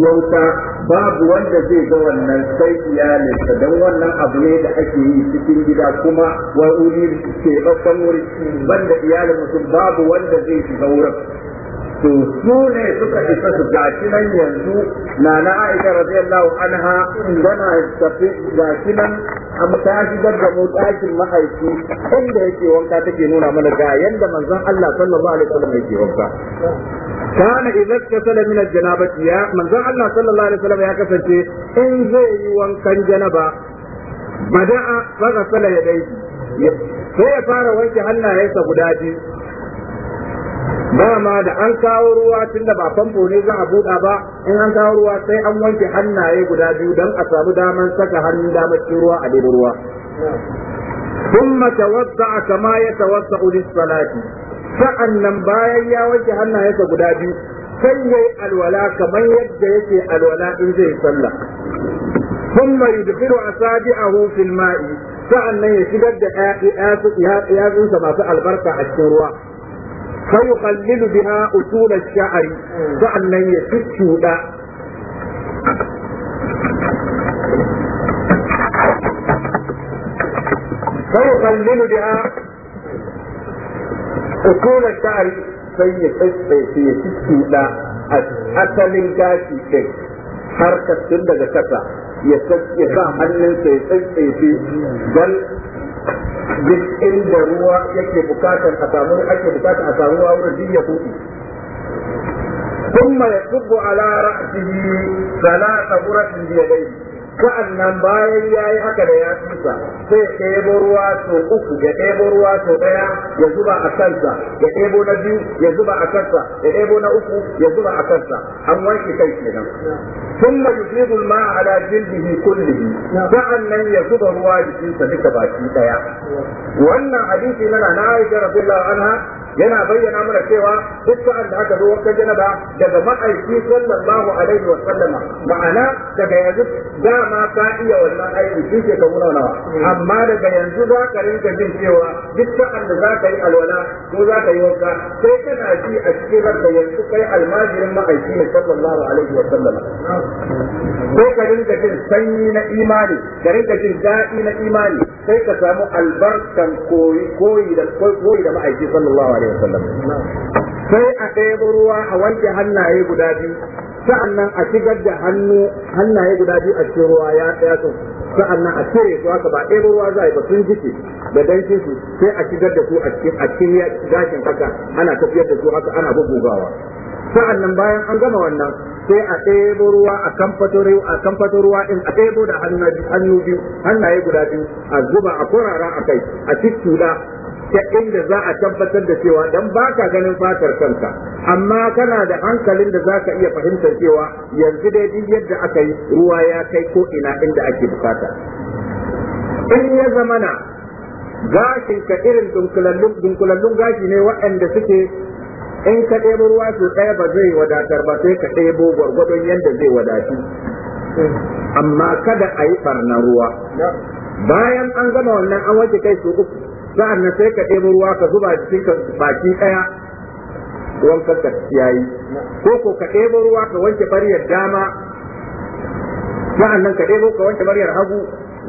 wauta babu wanda zai ga wannan sai iyalinsa don wannan abu ne da ake yi cikin gida kuma wani wuri ke babban wuri banda iyalin mutum babu wanda zai shiga wurin to su ne suka isa su gashi nan yanzu na na Aisha radiyallahu anha gana tafi gashi nan a mutashi daga mutashin ɗakin mahaifi inda yake wanka take nuna mana ga yanda manzon Allah sallallahu alaihi wasallam yake wanka kana idza kasala min al-janabati ya manzon Allah sallallahu alaihi wasallam ya kasance in zai yi wankan janaba bada'a fa ghasala yadayhi sai ya fara wanke hannayensa guda biyu dama da an kawo ruwa tun da ba famfo ne za a buɗa ba in an kawo ruwa sai an wanke hannaye guda biyu don a samu daman saka hannun damar cikin ruwa a daidai ruwa ta توضع كما يتوضع sa'an sa'annan bayan ya wanke hannayensa guda biyu sai yi alwala kamar yadda yake alwala in zai sallah a yudkhilu a hufin ma'i sa'annan ya shigar da yatsunsa masu albarka a cikin ruwa فيقلل بها أصول الشعر فأن يتشو فيقلل بها أصول الشعر فيتشو asalin gashi ɗin har tun daga kasa ya sa hannunsa ya tsaitsaye don duk inda ruwa yake bukatar a samu ake bukatar a samu ruwa wurin jiya kuɗi ثم يصب على رأسه ثلاث غرف بيديه Sa'an nan bayan ya yi haka da ya tusa sai ɗebo ruwa sau uku ya ɗebo ruwa sau ɗaya ya zuba a kansa ya ɗebo na biyu ya zuba a kansa ya ɗebo na uku ya zuba a kansa an wanke kai kenan sun ma yufiru ma kullu jildihi sa'an sa'annan ya zuba ruwa jikinsa duka baki ɗaya wannan hadisi na na Aisha radiyallahu anha yana bayyana mana cewa duk sa'an da aka zo wankan janaba daga ma'aiki sallallahu alaihi wa sallama ma'ana daga yanzu dama ka iya wannan aiki shi ke ka nawa amma daga yanzu za ka rinka jin cewa duk sa'an da za ka yi alwala ko za ka yi wanka sai kana ji a cikin ranka yanzu kai almajirin ma'aiki ne sallallahu alaihi wa sallama sai ka rinka jin sanyi na imani ka rinka jin daɗi na imani sai ka samu albarkan koyi da koyi da ma'aiki sallallahu alaihi alaihi wasallam sai a ɗebo ruwa a wanke hannaye guda biyu sa'annan a shigar da hannu hannaye guda biyu a cikin ruwa ya tsaya su sa'annan a cire su haka ba ɗebo ruwa za a yi ba sun jike da danshin su sai a shigar da su a cikin a cikin gashin haka ana tafiyar da su haka ana Sa'an sa'annan bayan an gama wannan sai a ɗebo ruwa a kamfato a kamfato ruwa in a ɗebo da hannu biyu hannaye guda biyu a zuba a kurara a kai a cikin ta inda za a tabbatar da cewa dan baka ganin fatar kanka amma kana da hankalin da za ka iya fahimtar cewa yanzu dai duk yadda aka yi ruwa ya kai ko ina inda ake bukata in ya zamana gashin ka irin dunkulallun gashi ne waɗanda suke in ka ɗebo ruwa su ɗaya ba zai wadatar ba sai ka ɗebo gwargwadon yadda zai wadatu amma kada a yi ɓarnar ruwa bayan an gama wannan an wace kai su uku sa'an nan sai ka ɗebo ruwa ka zuba cikin baki ɗaya wankan ka yi. ko ko ka ɗebo ruwa ka wanke bariyar dama sa'an nan ka ɗebo ka wanke bariyar hagu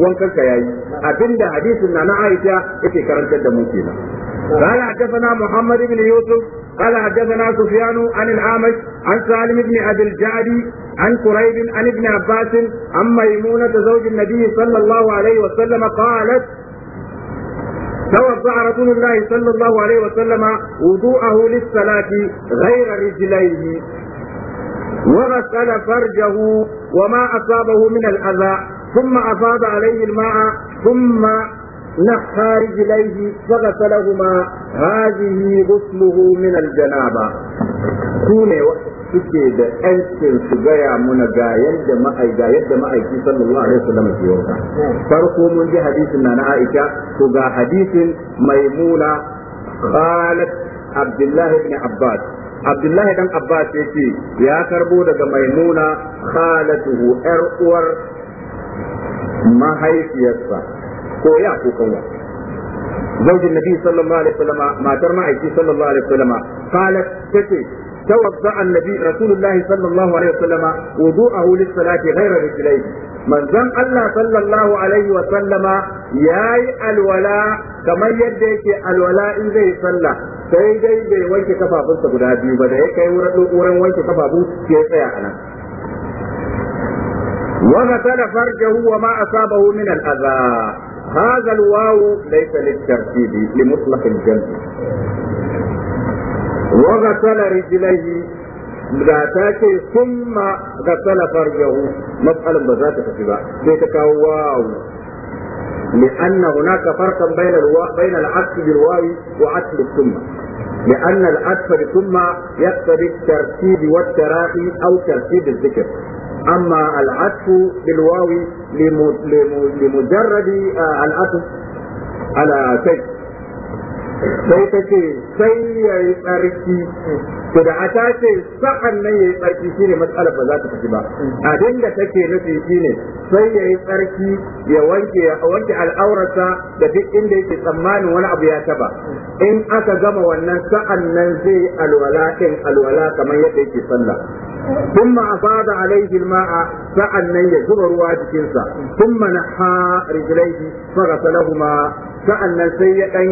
wankan ka yayi abinda hadisin na na Aisha yake karantar da mu kenan قال حدثنا محمد بن يوسف قال حدثنا سفيان عن الأعمش عن سالم بن أبي الجعد عن كريب عن ابن عباس عن ميمونة زوج النبي صلى الله عليه وسلم قالت توضع رسول الله صلى الله عليه وسلم وضوءه للصلاة غير رجليه وغسل فرجه وما أصابه من الأذى ثم أفاض عليه الماء ثم نحى رجليه فغسلهما هذه غسله من الجنابة su ne suke da ƴancin su gaya muna ga yadda ma'ai ga yadda ma'aiki sallallahu alaihi wasallam ke yauka farko mun ji hadisin na Aisha to ga hadisin Maimuna qalat Abdullah ibn Abbas Abdullah dan Abbas yace ya karbo daga Maimuna khalatuhu ƴar uwar mahaifiyarsa ko ya ko kanwa zaujin nabi sallallahu alaihi عليه matar ma'aiki sallallahu alaihi الله qalat وسلم توضأ النبي رسول الله صلى الله عليه وسلم وضوءه للصلاة غير رجليه من زم الله صلى الله عليه وسلم ياي الولاء كما يديك الولاء زي صلى sai dai bai wanke kafafunsa guda biyu ba da ya kai wurin wanke kafafu ke tsaya a nan وغسل فرجه وما أصابه من الأذى هذا الواو ليس للترتيب لمطلق الجنب وغسل رجليه ذاتك ثم غسل فرجه مسألة بذات بيتك واو لأن هناك فرقا بين الوا... بين العطف بالواو وعطف ثم لأن العطف ثم يقتضي الترتيب والتراخي أو ترتيب الذكر أما العطف بالواو لم... لم... لمجرد آه، العطف على شيء sai ta ce sai ya yi tsarki to da a tace sa'an nan ya yi tsarki ne matsalar ba za ta tafi ba abin da take nufi ne sai ya yi tsarki ya wanke wanke al'aurarsa da duk inda yake tsammanin wani abu ya taba in aka gama wannan sa'an nan zai yi alwala ɗin alwala kamar yadda yake sallah ثم أفاض عليه الماء سأل ya zuba ruwa jikinsa ثم نحى رجليه فغسلهما sa'an nan sai ya ɗan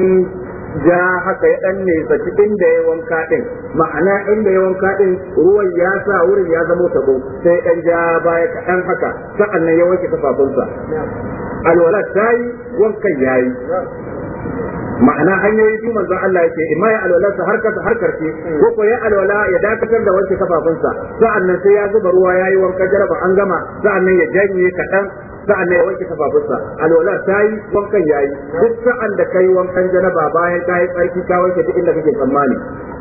ja haka ya dan ne saki inda ya wanka din ma'ana inda ya wanka din ruwan ya sa wurin ya zama tabo sai dan ja baya kaɗan haka sa'annan ya wanke kafafunsa alwala sai wankan yayi ma'ana hanyoyi biyu manzon Allah yake imma ya sa har kasa har karshe ko ko ya alwala ya dakatar da wanke kafafunsa sa'annan sai ya zuba ruwa yayi wanka jaraba an gama sa'annan ya janye kaɗan sa'an ne ya wanke kafafunsa alwala ta yi wankan yayi duk sa'an da kai wankan janaba bayan ka yi tsarki ka wanke duk inda kake tsammani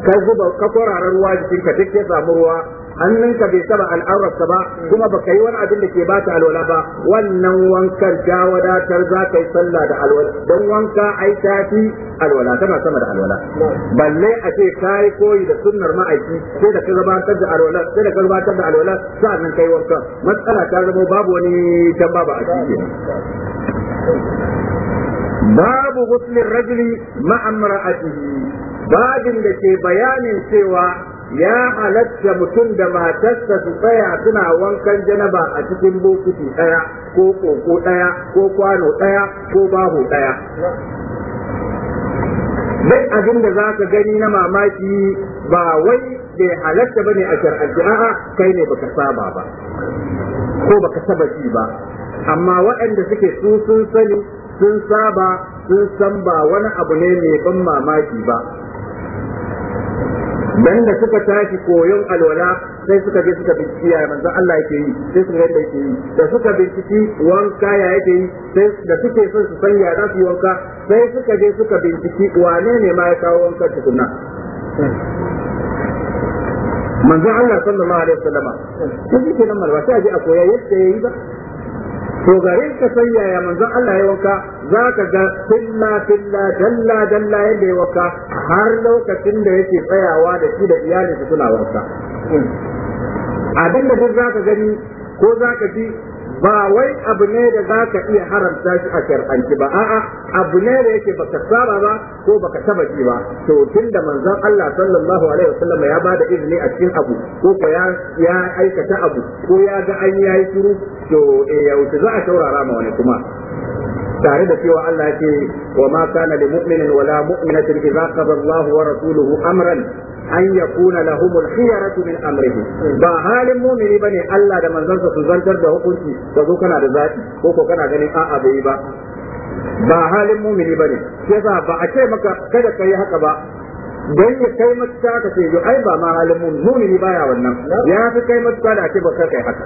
ka zuba ka ruwa jikinka duk ya samu ruwa hannunka bai saba al'aurarsa ba kuma ba ka yi wani abin da ke bata alwala ba wannan wankan ja wadatar za ka yi sallah da alwala don wanka ai fi alwala tana sama da alwala balle a ce ka yi koyi da sunnar ma'aiki sai da ka gabatar da alwala sai da ka gabatar da alwala ka kai wanka matsala ta zama babu wani tamba ba a cikin babu ghuslin rajuli a cikin babin da ke bayanin cewa ya halatta mutum da matarsa su tsaya suna wankan janaba a cikin bokiti ɗaya ko koko ɗaya ko kwano ɗaya ko baho ɗaya duk abin da za ka gani na mamaki ba wai bai halatta bane a shar'anci a'a kai ne baka saba ba ko baka saba ji ba amma waɗanda suke su sun sani sun saba sun san ba wani abu ne mai ban mamaki ba dan da suka tashi koyon alwala sai suka je suka binciki ya manzo Allah yake yi sai suka yadda yake yi da suka binciki wanka ya yake yi sai da suke son su san ya za su wanka sai suka je suka binciki wane ne ma ya kawo wanka tukunna manzo Allah sallallahu alaihi wasallama sai kenan malwa sai a a koya yadda yayi ba to gare ka san yaya manzon Allah ya wanka za ka ga filla filla dalla dalla yadda ya wanka har lokacin da yake tsayawa da shi da iyalinsa suna wanka abin da duk za ka gani ko za ka ji ba wai abu ne da za ka iya haramta shi a shar'anci ba a'a abu ne da yake baka saba ba ko baka taba ji ba to tunda manzon Allah sallallahu alaihi wasallam ya bada izini a cikin abu ko ko ya aikata abu ko ya ga an yayi shiru to eh za a taurara ma wani kuma tare da cewa Allah ya ce wa ma kana li mu'minin wala mu'minatin idza qada Allah wa rasuluhu amran an yakuna lahum al-khiyaratu min amrihi ba halin mu'mini bane Allah da manzansa su zantar da hukunci ka zo kana da zaki ko ko kana ganin a'a bai ba ba halin mu'mini bane sai ba a ce maka kada kai haka ba dan ya kai matuka ka ce ai ba ma halin mumini baya wannan ya fi kai matuka da ake baka kai haka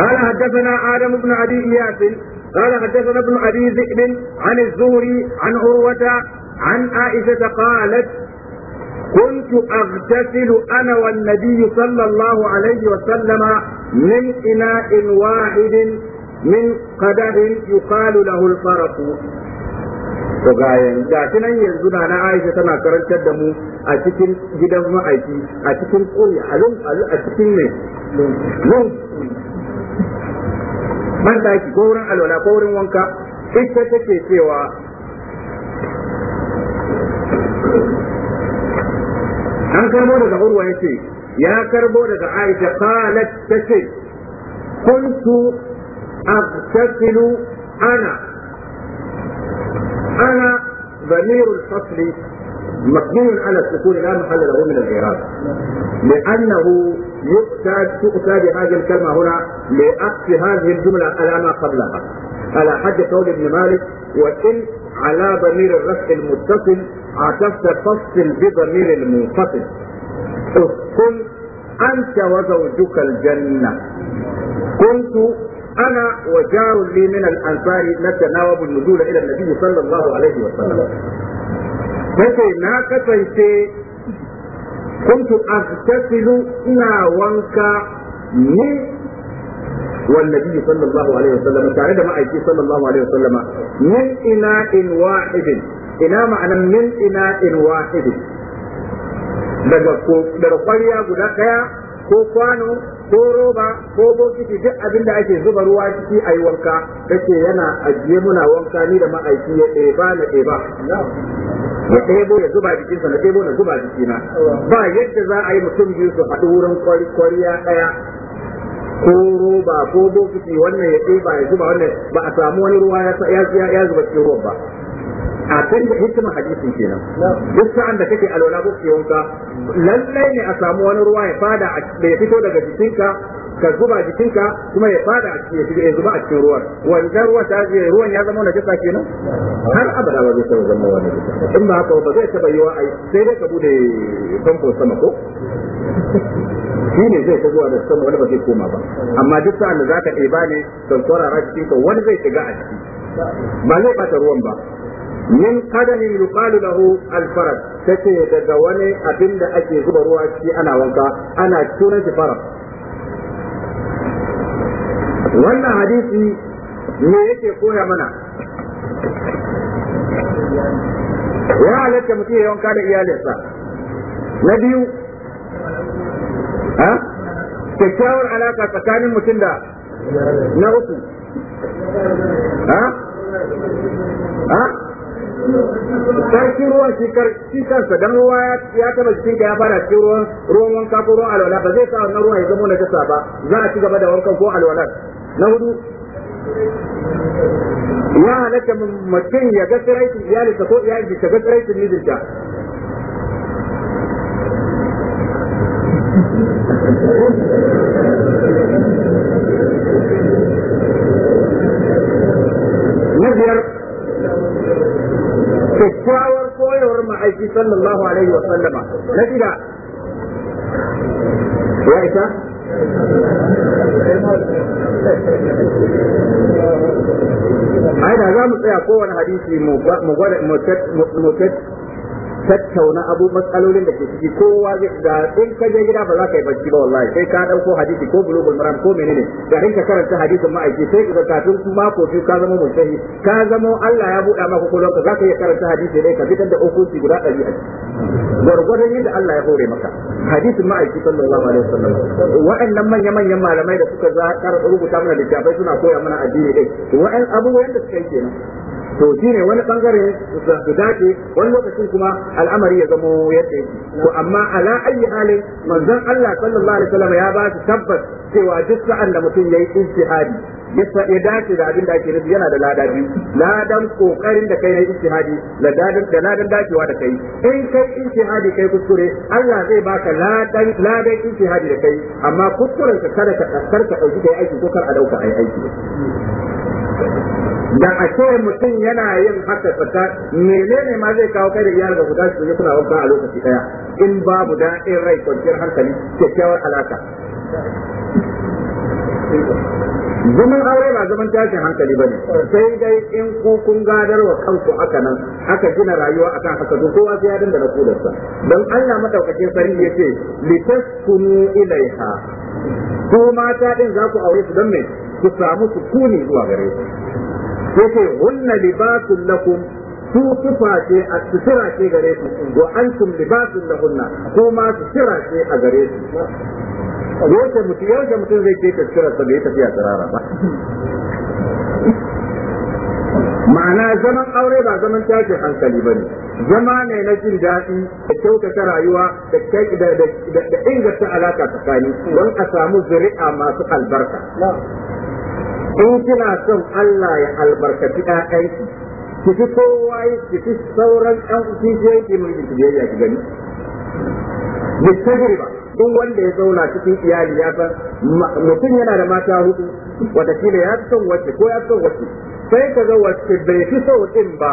قال حدثنا آدم بن أبي إياس قال حدثنا ابن أبي ذئب عن الزهري عن عروة عن عائشة قالت كنت أغتسل أنا والنبي صلى الله عليه وسلم من إناء واحد من قدر يقال له الفرق to ga yanzu nan yanzu na na Aisha tana karantar da mu a cikin gidan ma'aiki a cikin ƙuri a cikin ne ban daki ko wurin alwala ko wurin wanka ita take cewa an karbo daga urwa yace ya karbo daga aisha qalat tace kuntu agtasilu ana ana ضمير الفصل مبني على السكون لا محل له من الاعراب لانه يؤتى تؤتى بهذه الكلمة هنا لعكس هذه الجملة على ما قبلها على حد قول ابن مالك وإن على ضمير الرفع المتصل عكفت فصل بضمير المنفصل قل أنت وزوجك الجنة كنت أنا وجار لي من الأنصار نتناوب النزول إلى النبي صلى الله عليه وسلم. Kace na kasance kuntu aghtasilu ina wanka ni والنبي صلى الله عليه وسلم تعالى ما أيتي صلى الله عليه وسلم من إناء واحد إناء معنى من إناء واحد daga kwariya guda ɗaya ko kwano ko roba ko bokiti duk abin da ake zuba ruwa ciki a wanka kace yana ajiye muna wanka ni da ma'aiki ya ɗeba na ɗeba ya ɗebo ya zuba jikinsa na ɗebo na zuba jikina ba yadda za a yi mutum biyu su haɗu wurin kwariya ɗaya ko roba ko bokiti wannan ya ɗeba ya zuba wannan ba a samu wani ruwa ya zuba cikin ruwan ba a kan da hikimar hadisin kenan duk sa'an da kake alwala ko wanka lallai ne a samu wani ruwa ya fada da ya fito daga jikinka ka zuba jikinka kuma ya fada a cikin ya zuba a cikin ruwan wanda ruwan ta je ruwan ya zama najasa kenan har abada ba zai taba zama wani in ba haka ba zai taba wa ai sai dai ka bude famfo sama ko shi ne zai tagowa da sama wani ba zai koma ba amma duk sa'an da zaka ɗeba ne don kwarara cikin ka wani zai shiga a ciki ba zai bata ruwan ba min qadamin yuqalu lahu al-farad tace daga wani abin da ake zuba ruwa ciki ana wanka ana tura farad wannan hadisi me yake koya mana ya halatta mutum ya wanka da iyalinsa na biyu kyakkyawar alaka tsakanin mutum da na uku sarki ruwan shi kansa dan ruwa ya taba cikin ka ya fara cikin ruwan wanka ko ruwan alwala ba zai sa wannan ruwan ya zama na kasa ba za a ci gaba da wankan ko alwalar na hudu ya halatta mutum ya ga tsiraitin iyalinsa ko iyalinsa ta ga tsiraitin mijinta na biyar kyakkyawar koyawar ma'aiki sallallahu alaihi wa sallama na shida ya isa hadisi mu tattauna abu matsalolin da ke ciki kowa zai da in ka je gida ba za ka yi bacci ba wallahi sai ka dauko hadisi ko bulugul maram ko menene ga in ka karanta hadisin ma'aiki sai ka kafin kuma ko biyu ka zama mutahi ka zama Allah ya buɗa maka kokolon ka za ka iya karanta hadisi dai ka fitar da hukunci guda ɗari a gwargwadon yadda Allah ya hore maka hadisin ma'aiki sallallahu alaihi wasallam wa'annan manya manyan malamai da suka za rubuta mana da suna koya mana addini dai wa'an abubuwan da suka yi kenan to shi ne wani ɓangaren su dace wani lokacin kuma al'amari ya zama yadda yake to amma ala ayi hali, manzon Allah sallallahu alaihi wasallam ya ba su tabbas cewa duk sa'an da mutum ya yayi ijtihadi ya dace da abin da ake nufi yana da lada biyu ladan kokarin da kai na ijtihadi da ladan da ladan dacewa da kai in kai ijtihadi kai kuskure Allah zai baka ladan ladan ijtihadi da kai amma kuskuren kada ka karka dauki kai aiki ko kar a dauka ai aiki da a ce mutum yana yin haka tsaka menene ma zai kawo kai da iyali ba guda su kuna wanka a lokaci daya in babu daɗin rai kwanciyar hankali kyakkyawar alaka zaman aure ba zaman tashin hankali ba ne sai dai in ku kun gadar wa kanku haka nan aka gina rayuwa akan haka to kowa sai ya dinda na kudarsa don Allah madaukakin sarki yace litaskunu ilaiha ko mata din za ku aure su don me ku samu su sukuni zuwa gare su yace hunna libasun lakum su tufa ce a sutura ce gare su wa antum libasun lahunna ma sutura ce a gare su yaushe mutum yaushe mutum zai je ta sutura sa bai tafiya tsirara ba ma'ana zaman aure ba zaman tashin hankali ba ne zama ne na jin daɗi da kyautata rayuwa da inganta alaka tsakani don a samu zuri'a masu albarka in kina son Allah ya albarkaci ɗayanki ki fi kowa ki fi sauran ɗan kishiyoyi ki mai biyayya ki gani da tajriba duk wanda ya zauna cikin iyali ya san mutum yana da mata hudu watakila ya fi son wacce ko ya son wacce sai ka ga wacce bai fi so din ba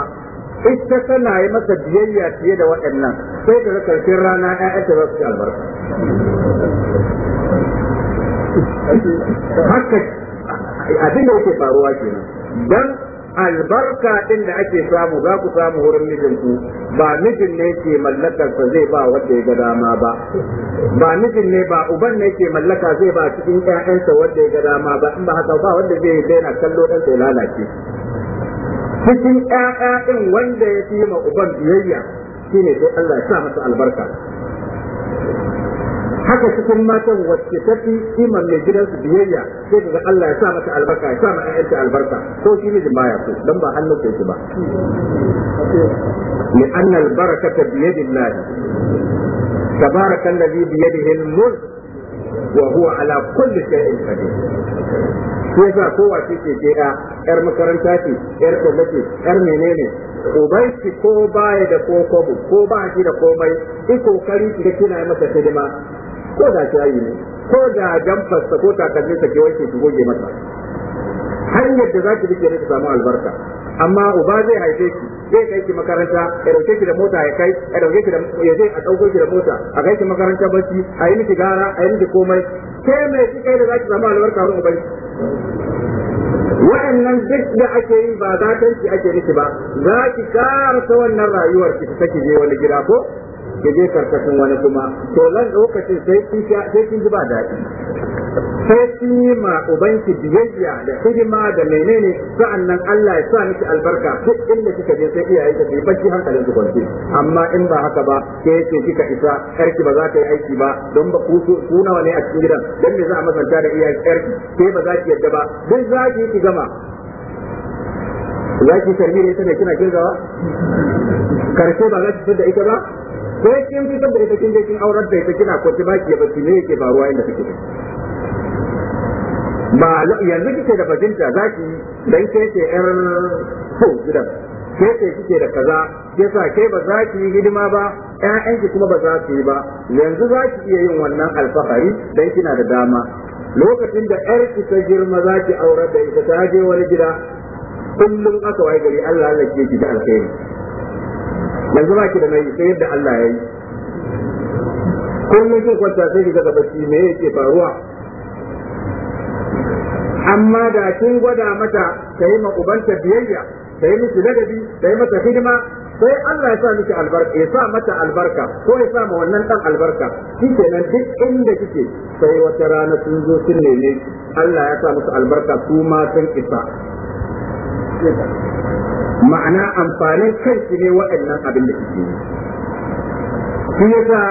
ita tana yi masa biyayya fiye da waɗannan sai ka ga karshen rana ƴaƴanta za su ci albarka haka abin da yake faruwa kenan dan albarka din da ake samu za ku samu wurin ku ba mijin ne ke mallakarsa zai ba wanda ya ga dama ba ba mijin ne ba uban ne ke mallaka zai ba cikin sa wanda ya ga dama ba in ba haka ba wanda zai daina kallo dan sai lalace cikin ƴaƴa ɗin wanda ya fi ma uban biyayya shine sai Allah ya sa masa albarka haka cikin matan wacce ta fi iman mai gidansu biyayya sai daga Allah ya sa mata albarka ya sa mata ta albarka ko shi mijin baya so dan ba hannun kai ba li anna albarakata bi yadillah tabaraka alladhi bi yadihi almulk wa huwa ala kulli shay'in qadir yasa kowa ce ke ah, ke yar makaranta ce yar gwamnati yar menene ubanki ko baya da ko ko ba shi da komai ki kokari ki na kina masa hidima ko da shayi ne ko da ta ko ta ke wanke su goge masa hanyar da za ki rike ne ta samu albarka amma uba zai haife ki zai kai ki makaranta ya dauke ki da mota ya kai ya dauke ki da ya zai a dauko ki da mota a kai ki makaranta bacci a yi miki gara a yi miki komai ke mai ki kai da za ki samu albarka wurin uba. wa'annan duk da ake yi ba za ki ake miki ba za ki ta wannan rayuwar ki take je wani gida ko ya je karkashin wani kuma to nan lokacin sai kin sai kin ji ba daɗi sai kin yi ma ubanki biyayya da hidima da menene sa'annan Allah ya sa miki albarka duk inda kika je sai iyaye ka yi bacci hankalin ku kwance amma in ba haka ba sai yake kika isa karki ba za ta yi aiki ba don ba ku ku nawa ne a cikin gidan dan me za a masanta da iyaye karki sai ba za ki yadda ba duk za ki yi ki gama za ki karbi da ita ne kina kirgawa karshe ba za ki fitar da ita ba sai kin fitar da ita kin je kin aurar da ita kina ki baki ya baki ne yake faruwa inda kike ba yanzu kike da bajinta zaki dan ke ce yar ko gidan ke ce kike da kaza ke sa ke ba za ki yi hidima ba ƴaƴanki kuma ba za su yi ba yanzu za ki iya yin wannan alfahari dan kina da dama lokacin da ƴarki ta girma za ki aurar da ita ta je wani gida kullum aka wai gari Allah Allah ke ki da alkhairi yanzu ba ki da nauyi sai yadda Allah ya yi kullum kin kwanta sai ki daga bacci me yake faruwa amma da kin gwada mata kai ma ubanta biyayya kai yi miki ladabi kai yi mata hidima sai Allah ya sa miki albarka ya sa mata albarka ko ya sa ma wannan dan albarka nan duk inda kike sai wata rana sun zo sun neme Allah ya sa musu albarka su ma sun isa ma'ana amfanin kansu ne waɗannan abin da suke yi shi yasa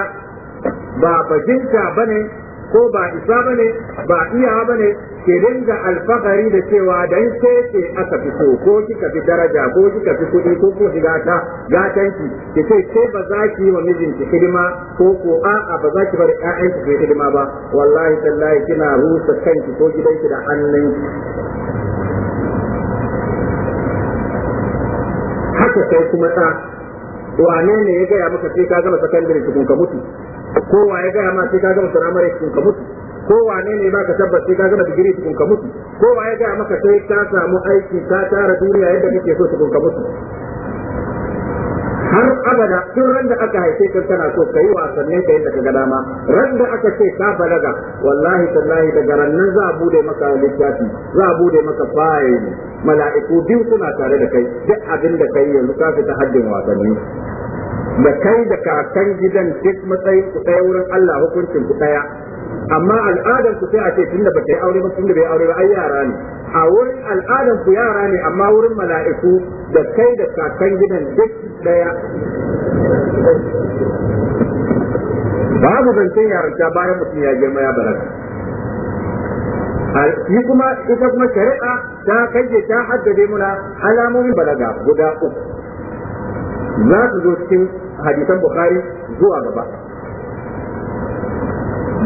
ba bajinta bane ko ba isa bane ba iya bane ke dinga alfahari da cewa dan sai ce aka fi so ko kika fi daraja ko kika fi kuɗi ko ko shiga ta gatanki ki ce ko ba za ki yi wa mijinki hidima ko ko a'a ba za ki bar ƴaƴanki ki hidima ba wallahi tallahi kina rusa kanki ko gidanki da hannunki haka sai kuma ta wane ne ya gaya maka sai ka gama sakandare cikin ka mutu Ko wa ya gaya ma sai ka gama firamare cikin ka mutu Ko wane ne ba ka tabbas sai ka gama digiri cikin ka mutu Ko wa ya gaya maka sai ka samu aiki ka tara duniya yadda kake so cikin ka mutu har abada tun ran da aka haife ka kana so ka yi wasannin ka yadda ka ga dama ran da aka ce ka balaga wallahi tallahi daga rannan za a bude maka littafi za a bude maka fayil mala'iku biyu suna tare da kai duk abin da kai yanzu ka fita haddin wasanni da kai da kakan gidan duk matsayin ku ɗaya wurin Allah hukuncin ku ɗaya amma al'adar ku sai a ce tunda ba kai yi aure ba tunda bai aure ba ai yara ne a wurin al'adar ku yara ne amma wurin mala'iku da kai da kakan gidan duk daya babu zancen ta bayan mutum ya girma ya balaga Ni kuma ita kuma shari'a ta kaje ta haddade muna alamomin balaga guda uku za su zo cikin hadisan bukhari zuwa gaba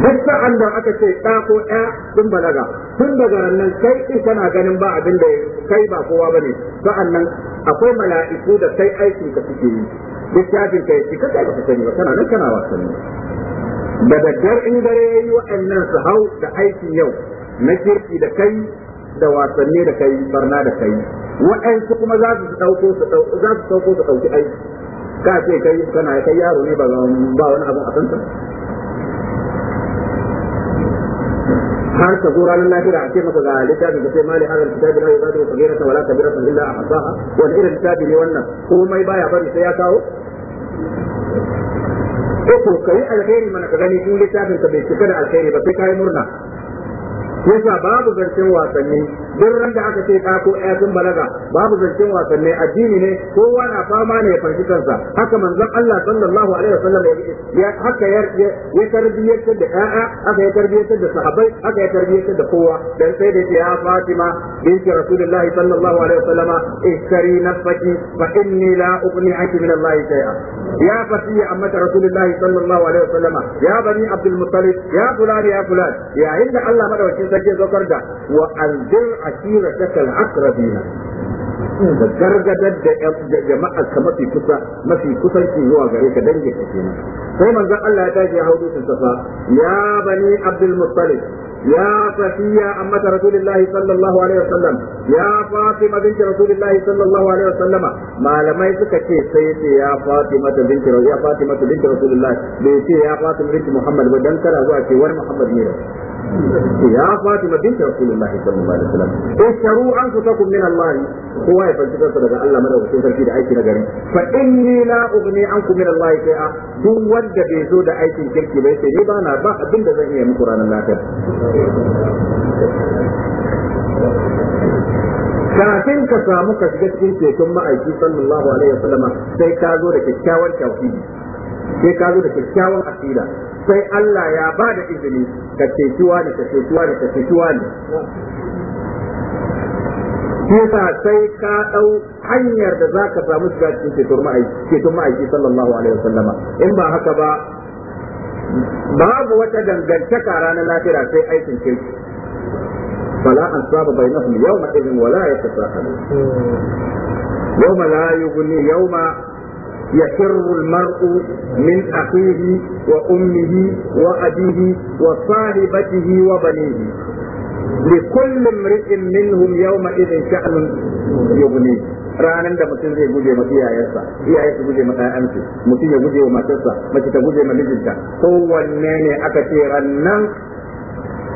duk sa'an da aka ce ɗa ko ɗaya sun balaga tun daga nan kai in kana ganin ba abin da kai ba kowa ne, sa'an nan akwai mala'iku da kai aiki ka suke yi littafin ka yake kai ba ka sani ba kana nan kana wasanni da daddar in dare yayi waɗannan su hau da aiki yau na kirki da kai da wasanni da kai barna da kai waɗansu kuma za su ɗauko su ɗauki aiki ka ce kai kana kai yaro ne ba wani abin a har ka zo ranar lahira a ce maka ga littafi da sai mali hadal kitabi la yuzadu kabiratan wala kabiratan illa ahsaha wani irin littafi ne wannan ko mai baya bari sai ya kawo ko eh ko kai alkhairi mana ka gani in littafin ka bai cika da alkhairi ba sai kai murna yasa babu zancen wasanni duk ran da aka ce ka ko ɗaya sun balaga babu zancen wasanni addini ne kowa na fama ne ya fanci kansa haka manzon Allah sallallahu alaihi wasallam ya haka ya ya tarbiyyatar da ƴaƴa haka ya tarbiyyatar da sahabbai haka ya tarbiyyatar da kowa dan sai da ya Fatima binti Rasulullahi sallallahu alaihi wasallam iskari nafsaki fa inni la ughni anki min Allah shay'a ya fasiya amma Rasulullahi sallallahu alaihi wasallam ya bani Abdul Muttalib ya fulani ya fulani ya da Allah madaukakin sarki saukar da wa anzir ashiratakal aqrabina da gargadar da jama'a ka mafi kusa mafi kusanci zuwa gare ka dange ka kenan sai manzon Allah ya tashi ya hau sun safa ya bani abdul muttalib يا صفية أمة رسول الله صلى الله عليه وسلم يا فاطمة بنت رسول الله صلى الله عليه وسلم ما لم يسكت سيدي يا فاطمة بنت يا فاطمة بنت رسول الله بيتي يا فاطمة بنت محمد ودنكر أزواجي ور محمد ميرا ya fatima binta rasulullahi sallallahu alaihi wasallam isharu anfusakum min Allah kowa ya fanci daga Allah madaukakin sarki da aiki na gari fa inni la ughni ankum min Allah shay'a duk wanda bai zo da aikin kirki bai sai ni ba na ba abin da zan iya muku ranar lafiya kafin ka samu ka shiga cikin ceton ma'aiki sallallahu alaihi wasallama sai ka zo da sai ka zo da kyakkyawar aqida sai Allah ya ba da izini ka ceciwa da ka ceciwa da ka ceciwa ne yasa sai ka ɗau hanyar da za ka samu shiga cikin ceton ma'aiki sallallahu alaihi wasallama in ba haka ba babu wata dangantaka ranar lafiya sai aikin kirki فلا ta hannu. Yau ma يتساءلون يوم لا yau ma. يفر المرء من أخيه وأمه وأبيه وصاحبته وبنيه لكل امرئ منهم يومئذ شأن يغنيه ranar da mutum zai guje ma iyayensa iyaye su guje ma ɗayansu mutum ya guje wa matarsa mace ta guje ma mijinta kowanne ne aka ce rannan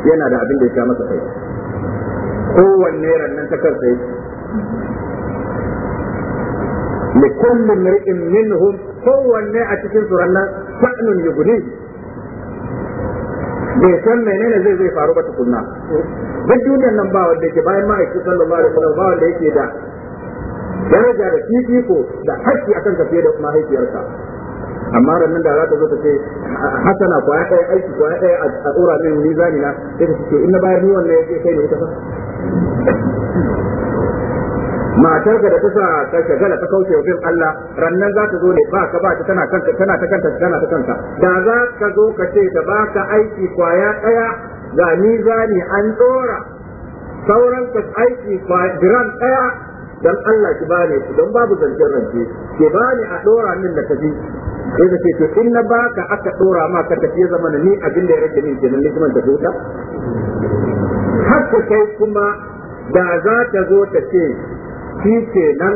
yana da abin da ya sha masa kai kowanne rannan ta kansa li kulli imri'in minhum kowanne a cikin su rannan fa'nun yughni bai san menene zai zai faru ba tukunna duk duniyar nan ba wanda yake bayan ma'aikin sallallahu alaihi ba wanda yake da daraja da fifiko da haƙƙi akan tafiye da mahaifiyarka amma rannan da za ta zo ta ce hasana kwaya ɗaya aiki kwaya ɗaya a tsora min ni zani na sai ta ce in na bayar ni wannan yake kai ne ita fa matar ka da ta sa ka shagala ka kauce wa bin Allah rannan za ta zo ne ba ka ba ta tana kanta tana ta kanta tana ta kanta da za ka zo ka ce ta ba ka aiki kwaya daya ga ni zani an dora sauran ka aiki kwaya gram daya dan Allah ki bani don babu zancen rance ki bani a dora min da tafi sai ka ce to in na baka aka dora ma ka tafi zaman ni abin da ya rage min kenan ni kuma ta huta haka kai kuma da za ta zo ta ce shi kenan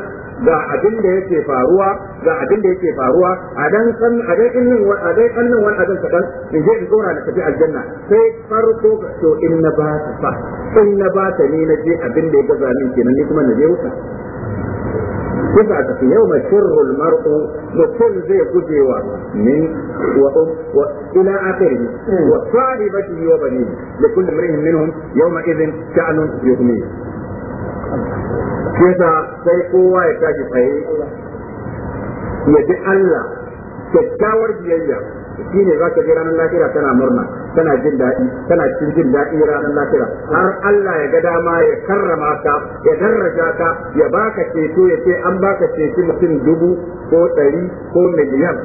ga abin da yake faruwa ga abin da yake faruwa a dan san a dai innin wa a dan annin wa a dan kadan in je in tsora da tafi aljanna sai farko to inna ba ta fa inna ba ta ne na je abin da ya gaza min kenan ni kuma na je wuta kusa a fi yau ma shirru mar'u mutum zai gujewa min wa ila akari wa sari ba shi yau ba ne da kullum rihin minhum yau ma ma'izin sha'anun yuhumi yasa sai kowa ya tashi tsaye ya ji Allah kyakkyawar biyayya shi ne za ka ji ranar lafiya tana murna tana jin daɗi tana cikin jin daɗi ranar lafiya har Allah ya ga dama ya karrama ka ya daraja ka ya baka ceto ya ce an baka ceto mutum dubu ko ɗari ko miliyan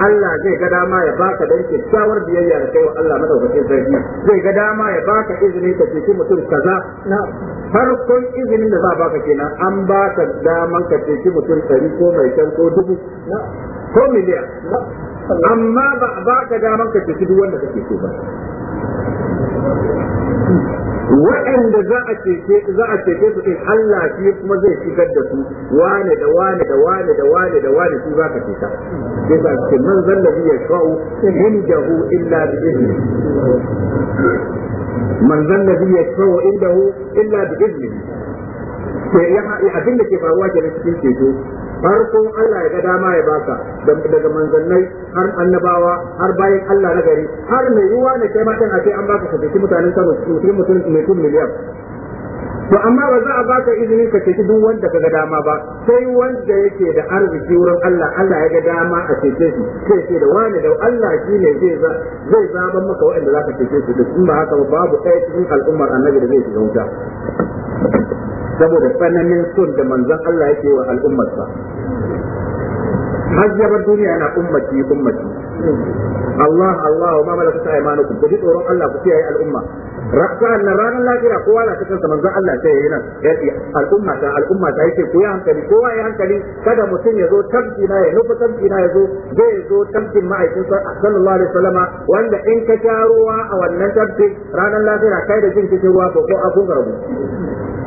Allah zai ga dama ya baka dan kyakkyawar biyayya da kai wa Allah madaukakin sarki zai ga dama ya baka izini ka ceci mutum kaza farkon izinin da za a baka kenan an baka dama ka ceci mutum ɗari ko mai kan ko dubu ko miliyan amma ba a baka daman ka ceci duk wanda kake so ba waɗanda za a ceke za a ceke su in Allah shi kuma zai shigar da su wane da wane da wane da wane da wane su za ka ceta sai ka ce man zalla bi in jahu illa bi izni man zalla bi yashau indahu illa bi izni sai ya abin da ke faruwa ke cikin ceto farkon Allah ya ga dama ya baka daga manzannai har annabawa har bayan Allah na gari har mai yiwuwa ne kai matan a an baka ka ceci mutanen Kano su mutum mai kun miliyan to amma ba za a baka izinin ka ceci duk wanda ka ga dama ba sai wanda yake da arziki wurin Allah Allah ya ga dama a cece shi sai ce da wani da Allah shi ne zai za maka waɗanda za ka cece su duk in ba haka ba babu ɗaya cikin al'ummar annabi da zai shiga wuta saboda tsananin son da manzon Allah yake wa al'ummarsa har duniya yana ummati ummati Allah Allah ma malakat aymanukum ku ji tsoron Allah ku kiyaye al'umma rakka na ranar lafiya kowa na cikin sa manzon Allah sai yana al'umma ta al'umma ta yake ku ya hankali kowa ya hankali kada mutum ya zo tabbi na ya nufa tabbi na ya zo zai zo tabbin ma'aikin sallallahu alaihi wasallama wanda in ka sha ruwa a wannan tabbi, ranar lafiya kai da jin cikin ruwa ko ko abun garbu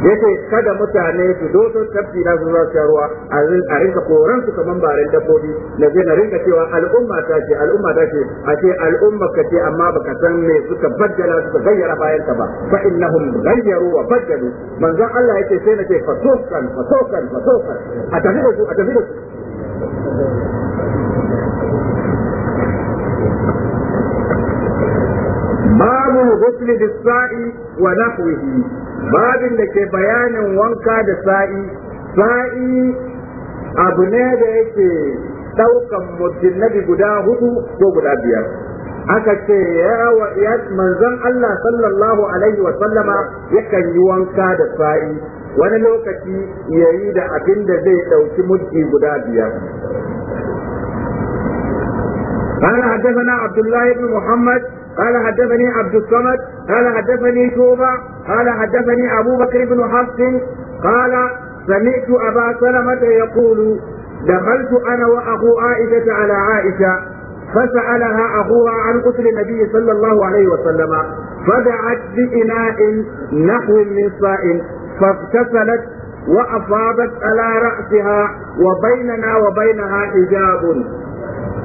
yake kada mutane su doto tafsi na zuwa su ruwa a rinka koran su kaman barin dabbobi na zai na rinka cewa al'umma ta ce al'umma ta ce a ce al'umma ka ce amma baka san me suka baddala suka gayyara bayan ka ba fa innahum gayyaru wa baddalu manzon Allah yake sai na ce fasokan fasokan fasokan a tafi da su a tafi da su babu husli bisa'i wa nahwihi babin da ke bayanin wanka da sa'i sa'i abu ne da yake ɗaukan mujinnabi guda hudu ko guda biyar aka ce yawa ya manzon Allah sallallahu alaihi wa sallama yakan yi wanka da sa'i wani lokaci ya yi da abin da zai ɗauki mutum guda biyar قال حدثنا عبد الله بن محمد قال حدثني عبد الصمد قال حدثني شوبة قال حدثني أبو بكر بن حفص قال سمعت أبا سلمة يقول دخلت أنا وأخو عائشة على عائشة فسألها أخوها عن قتل النبي صلى الله عليه وسلم فدعت بإناء نحو من صاء فاغتسلت وأفاضت على رأسها وبيننا وبينها حجاب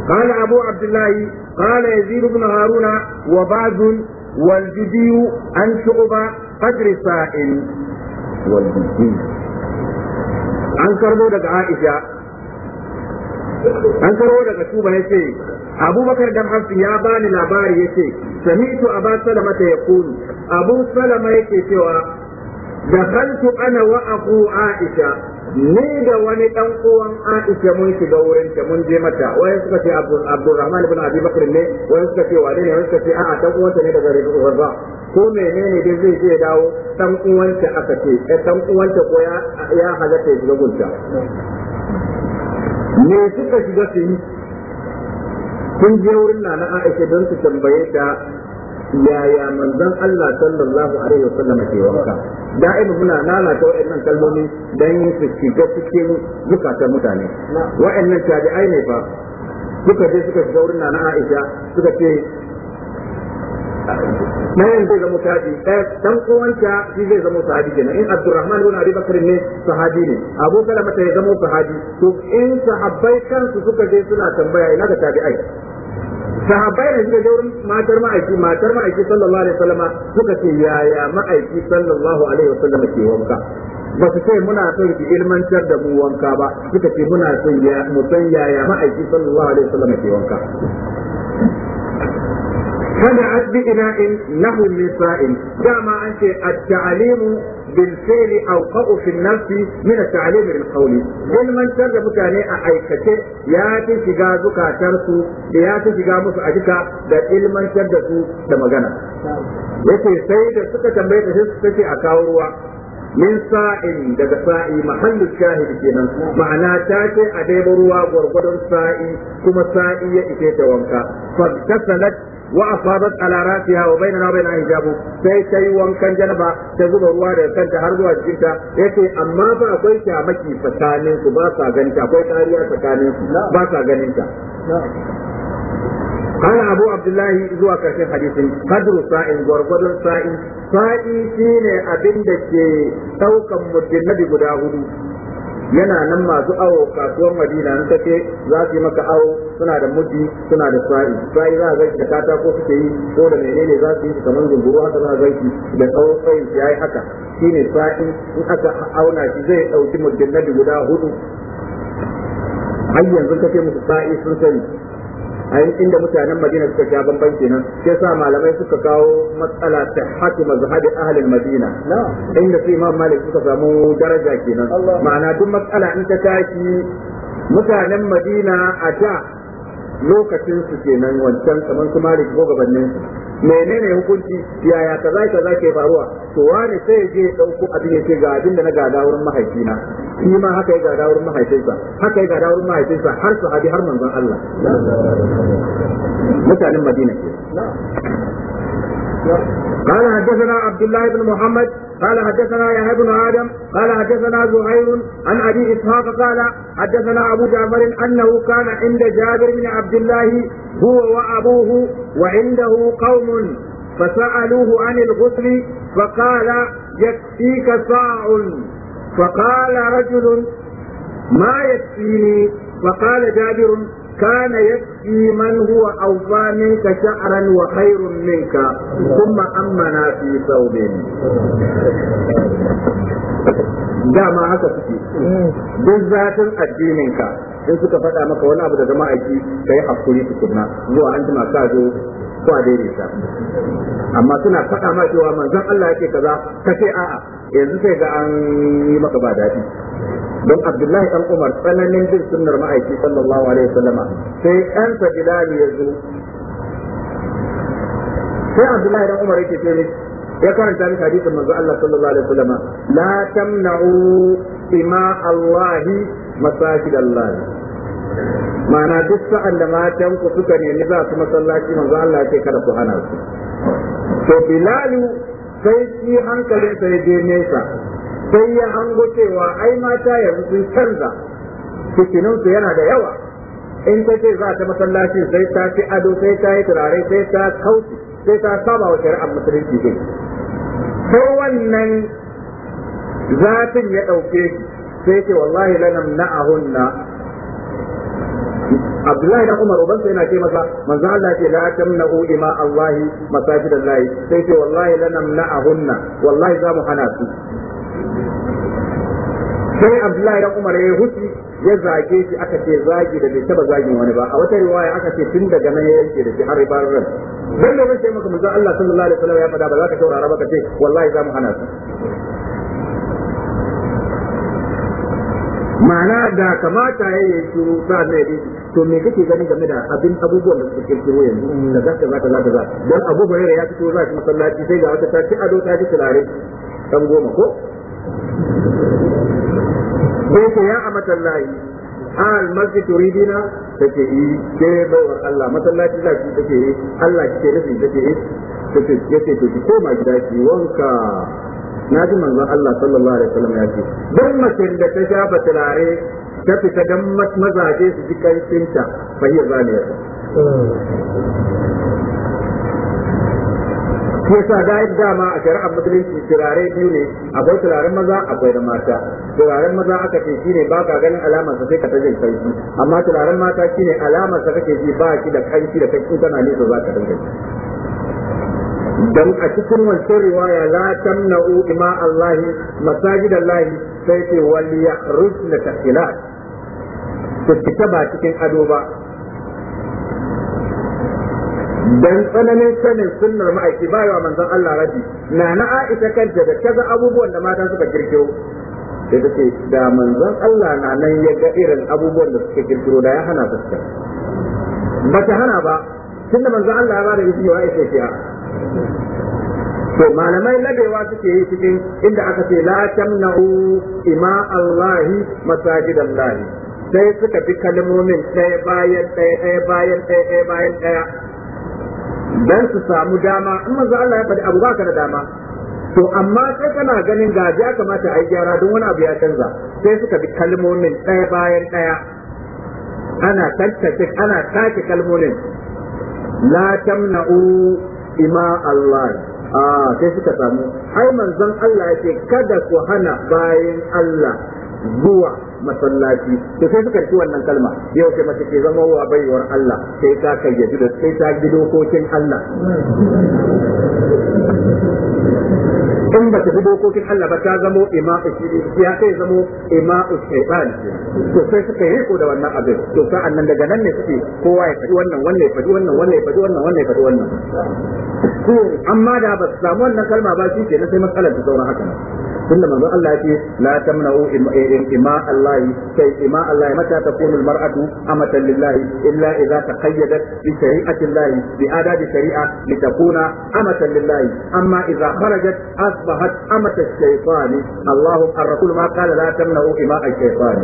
قال أبو عبد الله قال يزيد بن هارون وبعض والجدي أن شعب قدر سائل والجدي أن كربو دق عائشة أن كربو دق شوبة يسي أبو بكر دم حفص يا باني لاباري يسي سمعت أبا سلمة يقول أبو سلمة يكي dakhaltu ana wa aku aisha ni da wani dan uwan aisha mun shiga wurin ta mun je mata wai suka ce abdurrahman ibn abi bakr ne wai suka ce wane ne wai suka ce a'a dan uwanta ne daga riba ko menene dai zai je dawo dan uwanta aka ce dan uwanta ko ya ya halatta ya shiga gunta me suka shiga su yi kun je wurin na aisha don su tambaye ta yaya manzon Allah sallallahu alaihi wasallam ke wanka da'imin muna lalata wa'annan kalmomi dan su shiga cikin zukatan mutane wa'annan tabi'ai ne fa suka je suka shiga wurin nana Aisha suka ce ɗayan zai zama sahabi dan uwanta shi zai zama sahabi kenan in Abdurrahman ibn Abi Bakr ne sahabi ne Abu Salama ya zama sahabi to in sahabbai kansu suka je suna tambaya ina ga tabi'ai sahabbai da suka je wurin matar ma'aiki matar ma'aiki sallallahu alaihi wasallam suka ce yaya ma'aiki sallallahu alaihi wasallam ke wanka ba su ce muna son ki ilmantar da mu wanka ba suka ce muna son ya mu san yaya ma'aiki sallallahu alaihi wasallam ke wanka kada asbi ina in nahu nisa'in dama an ce at-ta'limu بالفعل او خوف النفس من التعليم القولي كل من ترجى متاني ايكته ياتي شيغا زكا ترسو ياتي شيغا مسو اجكا ده علم ترجى سو ده مغانا yace sai da suka tambaye ta sai suka ce a kawo ruwa min sa'in daga sa'i mahallu shahid kenan ma'ana ta ce a daibar ruwa gwargwadon sa'i kuma sa'i ya ike ta wanka fa kasalat wa asabat ala rasiha wa bainana wa bainaha hijabu sai kai wankan janaba ta zuba ruwa da kanta har zuwa jikinta ce amma ba akwai kyamaki tsakanin su ba sa ganin ta akwai kariya tsakanin su ba sa ganin ta قال abu Abdullahi zuwa زوا كشف حديث Sa'in, سائل ورقد Sa'i shine شين أبن دكي توقع مجند guda هدو yana nan masu awo kasuwar madina in take za su yi maka awo suna da mudi suna da sa'i sa'i za a gaishe da katako suke yi ko da menene za su yi kamar zunguru haka za a gaishe da tsawon tsayin ya yi haka ne sa'i in aka auna shi zai ɗauki muddin guda hudu har yanzu kace musu sa'i sun sani ai inda mutanen Madina suka sha bamban kenan sai sa malamai suka kawo matsala ta hatu mazhabi ahlul Madina inda sai Imam Malik suka samu daraja kenan ma'ana duk matsala in ta tashi mutanen Madina a ta. lokacin su kenan wancan kamar su malik ko gabanin su menene hukunci yaya kaza kaza ke faruwa to wani sai ya je dauko abin ya ce ga abin da na gada wurin mahaifina shi ma haka ya gada wurin mahaifinsa haka ya gada wurin mahaifinsa har su hadi har manzon Allah mutanen Madina ke قال حدثنا عبد الله بن محمد قال حدثنا يا ابن ادم قال حدثنا زهير عن ابي اسحاق قال حدثنا ابو جعفر انه كان عند جابر بن عبد الله هو وابوه وعنده قوم فسالوه عن الغسل فقال يكفيك صاع فقال رجل ما يكفيني فقال جابر كان يكفي من هو أوفى منك شعرا وخير منك ثم أمنا في ثوب dama haka suke duk zafin addininka ka suka faɗa maka wani abu daga ma'aiki ka yi hakuri tukunna zuwa an jima ka zo ko amma suna faɗa ma cewa manzon Allah yake kaza ka ce a'a yanzu sai da an yi maka ba daɗi don abdullahi dan umar tsananin bin sunnar ma'aiki sallallahu alaihi wasallama sai ɗansa bilal ya zo sai abdullahi dan umar yake ce ya karanta miki hadisin manzo Allah sallallahu alaihi wasallama la tamna'u ima Allah masajid Allah ma'ana duk sa'an da matan ku suka nemi za su masallaci manzo Allah yake kada ku hana su to bilalu sai shi hankalin sai je nesa sai ya hango cewa ai mata yanzu sun canza fitinunsu yana da yawa in ta ce za ta masallaci sai ta fi ado sai ta yi turare sai ta kauci sai ta saba wa shari'ar musulunci din ko wannan zafin ya ɗauke shi sai ce wallahi lanam na'ahunna Abdullahi da Umar ubansa yana ce masa manzo Allah ce la tamna'u ima Allah masajid Allah sai ce wallahi lanam na'ahunna wallahi za mu hana su sai abdullahi dan umar ya huci ya zage shi aka ce zagi da bai taba zagin wani ba a wata riwaya aka ce tun daga nan ya yanke da shi har ribar ran dan da sai maka manzo Allah sallallahu alaihi wasallam ya faɗa ba za ka taurara ba ka ce wallahi za mu hana su ma'ana da kamata ya yi shiru sa ne to me kake gani game da abin abubuwan da suke kirkiro yanzu da za ka za ka za dan Abu Hurairah ya fito za ka masallaci sai ga wata ta ci ado ta ji turare dan goma ko sai ce ya amatan layi al masjid turidina take yi eh, ke bawar Allah matallaci da shi take yi eh, Allah ke nufi take yi eh. take yace to koma gida ki wanka na ji manzon Allah sallallahu alaihi wasallam ya ce dan mace da ta shafa turare ta fita dan mazaje su ji kai cinta fa yi zaniya shi yasa da yadda dama a shari'ar musulunci turare biyu ne akwai turaren maza akwai da mata turaren maza aka ce shi ne ba ka ganin alamar sa sai ka tajin sauki amma turaren mata ne alamar sa kake ji ba shi da kanki da kanki kana ne za ka dinga dan a cikin wancan riwaya la tamna'u ima Allah masajid Allah sai ce waliya rusna taqilat su ba cikin ado ba dan tsananin sanin sunnar ma'aiki ba yawa manzon Allah rabi na na Aisha kanta da kaza abubuwan da mata suka kirkiro sai ta ce da manzon Allah na nan ya ga irin abubuwan da suka kirkiro da ya hana su ba ta hana ba tunda manzon Allah ya bada izini wa Aisha kiya to malamai labewa suke yi cikin inda aka ce la tamna'u ima Allahi masajidallahi sai suka bi kalmomin ɗaya bayan ɗaya ɗaya bayan ɗaya ɗaya bayan ɗaya dan su samu dama in manzo Allah ya faɗi abu baka da dama to amma sai kana ganin ga ya kamata a yi gyara don wani abu ya canza sai suka bi kalmomin ɗaya bayan ɗaya ana tattace ana take kalmomin la tamna'u ima Allah ah sai suka samu ai manzon Allah yake kada ku hana bayan Allah zuwa masallaci to sai suka ci wannan kalma yau sai mace ke zama wa baiwar Allah sai ta kayyade da sai ta bi dokokin Allah in ba ta bi dokokin Allah ba ta zamo ima'u ya kai zamo ima'u shaytan to sai suka yi ko da wannan abin to sai annan daga nan ne suke kowa ya faɗi wannan wannan ya faɗi wannan wannan ya faɗi wannan wannan ya faɗi wannan ko amma da ba samu wannan kalma ba shi ke na sai matsalar ta zauna haka tunda manzo Allah yake la tamna'u eh, eh, ima Allah kai ima Allah mata takunu almar'atu amatan lillahi illa idza taqayyadat bi shari'ati Allah bi adadi shari'a litakuna amatan lillahi amma idza kharajat أصبحت أمة الشيطان الله الرسول ما قال لا تمنعوا إماء الشيطان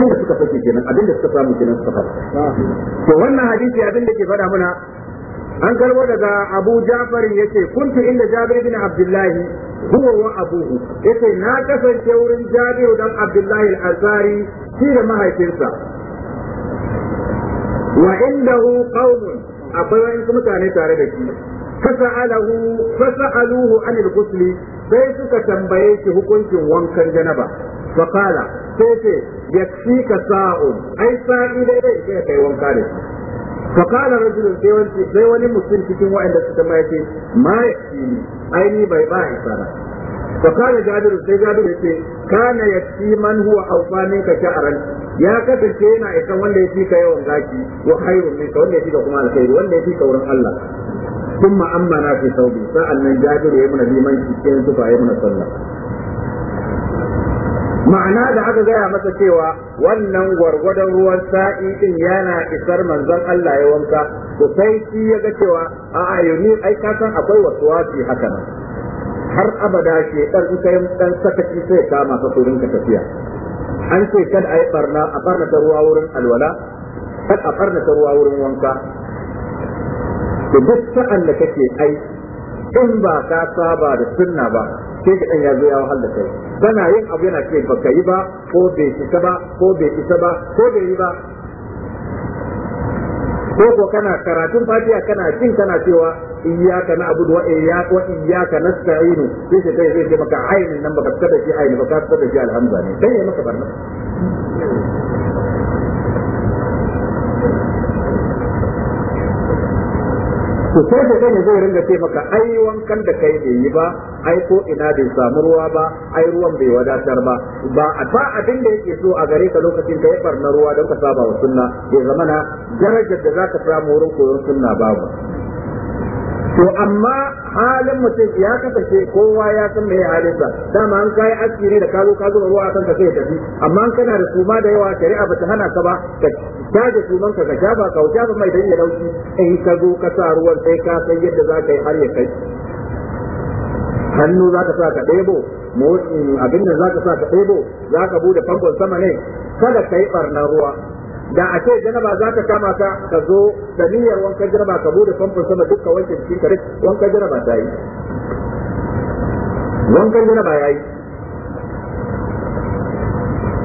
inda suka fake kenan abinda suka samu kenan suka fara to wannan hadisi da ke faɗa mana an karbo daga Abu Ja'far yace kuntu inda Jabir bin Abdullahi huwa wa abuhu yace na kasance wurin Jabir dan Abdullahi al-Ansari shi da mahaifinsa wa indahu qaumun akwai wa'in mutane tare da shi fasa'alahu fasa'aluhu al ghusli sai suka tambaye shi hukuncin wankan janaba fa qala sai ce yakfika sa'u ai sa'i dai sai kai wanka ne fa qala rajul sai wani mutum cikin wa'anda suka tambaye shi mai ai ni bai ba فقال جابر سي جابر يتي كان يكفي من هو أوفى منك شعرا يا كتن شينا إسان وان يفيك يوم غاكي وخير منك وان يفيك كما الخير وان يتي ورم الله ثم أما نافي ثوبي فأن جابر يمنى بمن شكين سفا يمنى صلى ma'ana da aka gaya masa cewa wannan gwargwadon ruwan sa'i din yana isar manzon Allah ya wanka to sai shi ya ga cewa a yau ai ka san akwai wasu wasi haka nan har abada shi dan in kai dan sakaci sai kama ka kurin ka tafiya an ce kada ayi barna a barna ta ruwa wurin alwala kada a barna ta ruwa wurin wanka to duk sa'an da kake ai in ba ka saba da sunna ba sai ka dan ya zo ya wahala kai kana yin abu yana ce baka yi ba ko bai isa ba ko bai isa ba ko bai yi ba ko ko kana karatun fatiha kana cin kana cewa iyyaka na'budu wa iyyaka wa iyyaka nasta'inu sai ka kai zai maka ainin nan baka tsada shi ainin baka tsada shi alhamdulillah sai ya maka barna to sai da ne zai ringa ce maka ai wankan da kai bai yi ba ai ko ina bai samu ruwa ba ai ruwan bai wadatar ba ba ba abin da yake so a gare ka lokacin da ya farna ruwa don ka saba wa sunna bai zamana darajar da zaka samu wurin koyon sunna babu to amma halin mutum ya kasance kowa ya san me halinsa dama an kai ne da kazo kazo ruwa akan ka sai tafi amma an kana da suma da yawa shari'a bata hana ka ba ka taje suman ka ka jaba ka ba mai da ya dauki in ka zo ka sa ruwan sai ka san yadda za ka yi har ya kai hannu za ka sa ka ɗebo abin da za ka sa ka ɗebo za ka bude famfon sama ne kada ka yi ɓarnar ruwa da a ce janaba za ka kama ka ka zo da niyyar wankan janaba ka bude famfon sama duka wanke jikin ka wankan janaba ta yi wankan janaba ya yi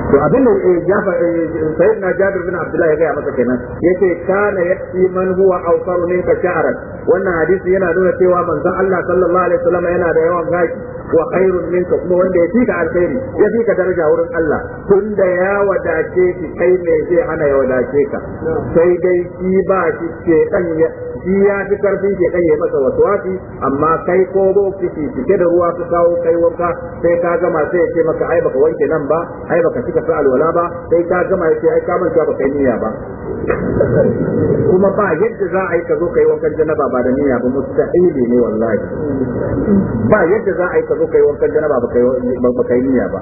to abin da ya eh, eh, eh, sayyid na Jabir bin Abdullah ya a masa kenan yace kana yati man huwa awsaru minka sha'ran wannan hadisi yana nuna cewa manzon Allah sallallahu alaihi wasallam yana da yawan gashi wa khairun minka kuma wanda ya fika alkhairi ya ka daraja wurin Allah tunda ya wadace ki kai me zai hana ya wadace ka sai dai shi ba shi ke dan ya shi ya fi karfin ke dan ya masa waswasi amma kai ko bo kike da ruwa ka kawo kai wanka sai ka gama sai ya ce maka ai baka wanke nan ba ai baka ka sa alwala ba sai ka gama yace ai ka manta ba kai niyya ba kuma ba yadda za a yi ka zo kai wankan janaba ba da niyya ba mustahili ne wallahi ba yadda za a yi ka zo kai wankan janaba ba kai niyya ba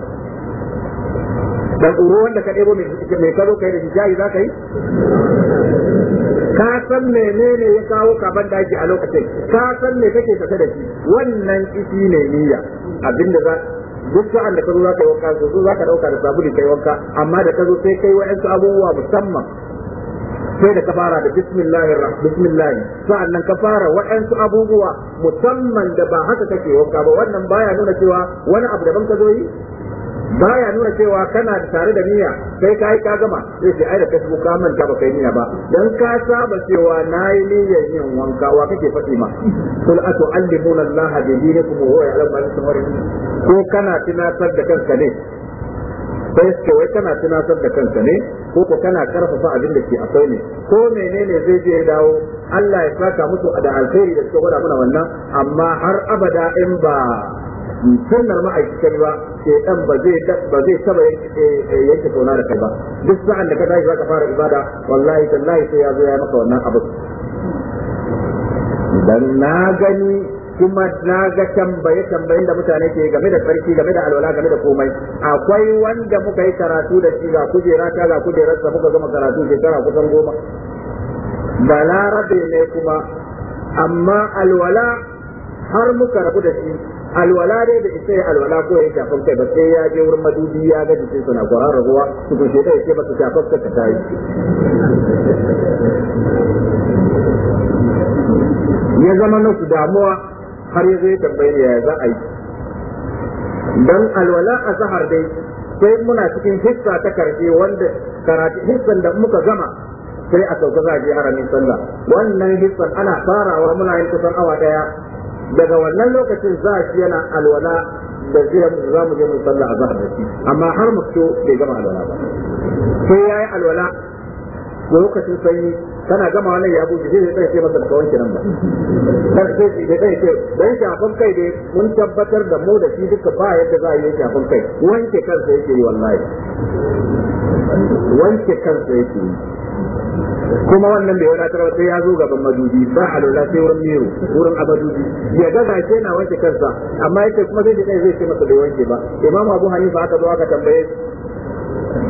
dan tsoro wanda ka ɗebo mai kazo kai da hijabi za ka yi ka san menene ya kawo ka ban daki a lokacin ka san me kake tafe da shi wannan kishi ne niyya abinda za duk sa'an da ka zo za ka yi wanka soso za ka ɗauka da sabulu kai wanka amma da ka zo sai kai wa'yansu abubuwa musamman sai da ka fara da bismillahir bismillah nan ka fara wayansu abubuwa musamman da ba haka kake wanka ba wannan baya nuna cewa wani abu daban ka zo yi baya nuna cewa kana da tare da niyya sai ka yi ka gama sai sai ai da kasu ka manta ba kai niyya ba dan ka saba cewa nayi niyyar yin wanka wa kake faɗi ma kul atu'allimuna Allah bi dinikum wa huwa ya'lamu ma tusawwirun ko kana tunatar da kanka ne sai ce wai kana tunatar da kanka ne ko ko kana karfafa abin da ke akwai ne ko menene zai je dawo Allah ya saka musu da alheri da suka gwada mana wannan amma har abada in ba sunnar ma'aikatan ba dan ba zai ba zai taba eh, yanke kauna da kai ba duk sa'an da ka tashi zaka fara ibada wallahi tallahi sai ya zo ya maka wannan abu dan na gani kuma na ga tambaye tambayen da mutane ke game da tsarki game da alwala game da komai akwai wanda muka yi karatu da shi ga kujera ta ga kujerarsa muka gama karatu shekara kusan goma balarabe ne kuma amma alwala har muka rabu da shi alwala dai da isa alwala ko ya shafa kai ba sai ya je wurin madubi ya ga jikin suna kwararra ruwa su kushe kai sai ba su shafan ka ta tayi ya zama na su damuwa har ya zai tambayi ya za a yi dan alwala a zahar dai sai muna cikin hissa ta karshe wanda karatu hissan da muka gama sai a sauka za a je haramin sallah wannan hissan ana farawa muna yin kusan awa daya daga wannan lokacin za shi yana alwala da zai za mu je mu sallah azhar da shi amma har mu fito bai gama alwala ba sai yayi alwala lokacin sanyi kana gama wannan ya buɗe zai tsaye ce masa ka wanke nan ba dan sai da ce dan kai dai mun tabbatar da mu da shi duka ba yadda za a yi shafan kai wanke kansa yake yi wallahi wanke kansa yake yi kuma wannan bai wadatar ba sai ya zo gaban madubi ba lura sai wurin mero wurin abadubi ya ga gace na wanke kansa amma yake kuma zai dai zai ce masa bai wanke ba Imam abu hanifa aka zo aka tambaye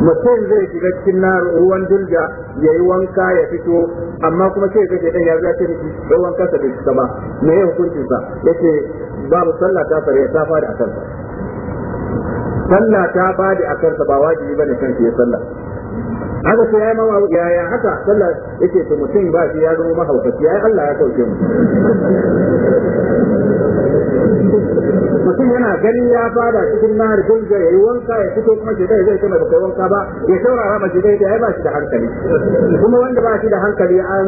mutum zai shiga cikin ruwan dulga ya yi wanka ya fito amma kuma sai zai dan ya ce miki bai wanka sa bai shiga ba me ya hukuncin sa yace babu sallah ta fara ta fara a kansa sallah ta fara a kansa ba wajibi ba ne kan ya sallah haka ko ya mawa yaya haka sallah yake to mutum ba shi ya zama mahaukaci ai Allah ya sauke mu mutum yana ganin ya fada cikin nari kun ga yayi wanka ya fito kuma shi dai zai tana da kai wanka ba ya saurara shi dai ya ba shi da hankali kuma wanda ba shi da hankali an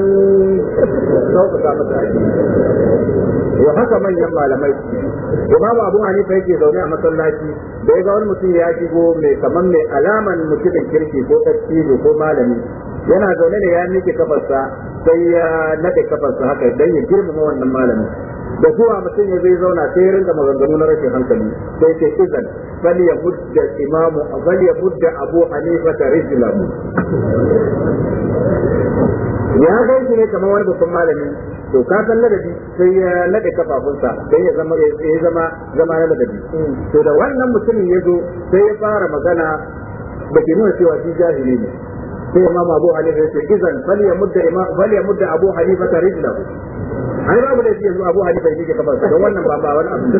sauka masa wa haka manyan malamai imamu abu hanifa yake zaune a masallaci da ya ga wani mutum ya shigo mai kamar mai alaman mutumin kirki ko tsiro ko malami yana zaune ne ya miƙe kafarsa sai ya naɗe kafarsa haka dan ya girmama wannan malamin da zuwa mutum ya zai zauna sai ya rinda maganganu na rashin hankali sai ce izan bal ya budda imamu bal ya budda abu hanifa ta rijlamu ya gai shi ne kamar wani babban malami to ka san ladabi sai ya lade kafafunsa sai ya zama ya zama zama na ladabi to da wannan mutumin ya zo sai ya fara magana da ke nuna cewa shi jahili ne sai imam abu hanifa ya ce izan bal ya mudda imam bal ya mudda abu hanifa ta rijlamu ai babu da yanzu abu hanifa yake kafar don wannan ba ba wani abu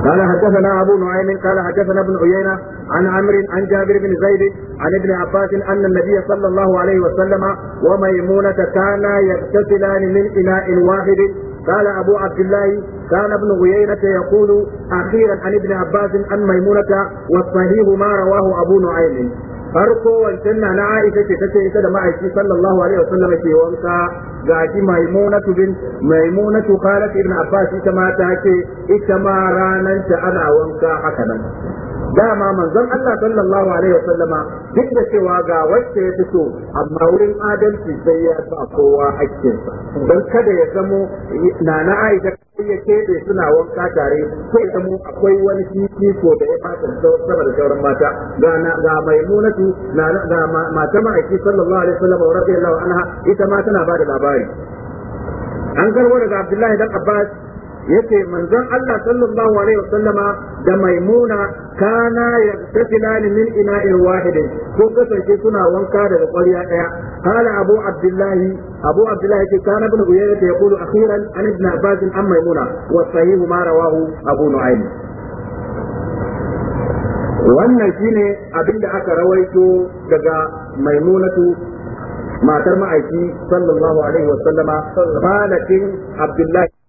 قال حدثنا أبو نعيم قال حدثنا ابن عيينة عن عمرو عن جابر بن زيد عن ابن عباس أن النبي صلى الله عليه وسلم وميمونة كانا يغتسلان من إناء واحد قال أبو عبد الله كان ابن عيينة يقول أخيرا عن ابن عباس أن ميمونة والصحيح ما رواه أبو نعيم farko wancan na na Aisha ce tace ita da ma'aiki sallallahu alaihi wasallam ke wanka ga shi maimunatu bin maimunatu qalat ibn abbas ita ma ta ce ita ma ranan ta ana wanka haka nan dama manzon Allah sallallahu alaihi wasallama duk da cewa ga wacce ya fito amma wurin adalci sai ya sa kowa hakkinsa don kada ya zamo nana Aisha ya kebe suna wanka tare sai zamo akwai wani ko da ya fata saboda da sauran mata ga ga maimunatu ga mata ma'aiki sallallahu alaihi wasallam radiyallahu anha ita ma tana ba da labari an garwa daga Abdullahi dan Abbas yace manzon Allah sallallahu alaihi wasallama da maimuna kana yaktasilani min ina'in wahidin ko kasance suna wanka daga ƙwarya ɗaya qala abu abdullahi abu abdullahi yake kana ibn uyayyah yaqulu akhiran an ibn abbas an maimuna wa sahihu ma rawahu abu nu'aym wannan shine abinda aka rawaito daga maimunatu matar ma'aiki sallallahu alaihi wasallama malakin abdullahi